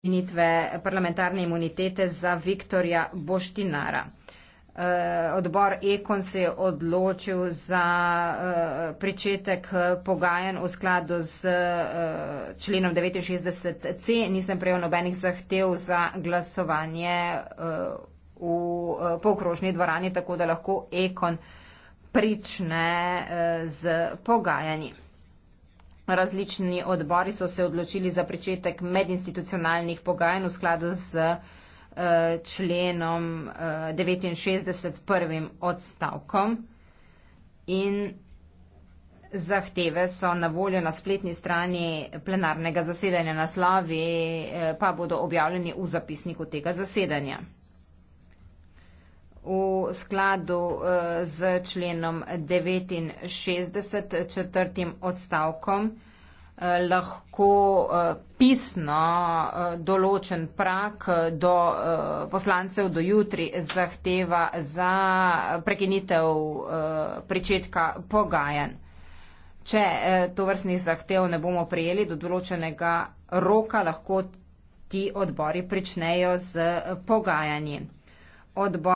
ukinitve parlamentarne imunitete za Viktorja Boštinara. Eh, odbor Ekon se je odločil za eh, pričetek eh, pogajanj v skladu z členom 69c. Nisem prejel nobenih zahtev za glasovanje v pokrožni dvorani, tako da lahko Ekon prične z pogajanji. Različni odbori so se odločili za začetek medinstitucionalnih pogajanj v skladu z eh, členom 69. Eh, prvim odstavkom in zahteve so na voljo na spletni strani plenarnega zasedanja na slavi, eh, pa bodo objavljeni v zapisniku tega zasedanja v skladu z eh, členom 69 četrtim odstavkom eh, lahko eh, pisno določen prak do poslancev do jutri zahteva za prekinitev pričetka pogajanj. Če to vrstnih zahtev ne bomo prijeli do določenega roka, lahko ti odbori pričnejo z pogajanji. Odbor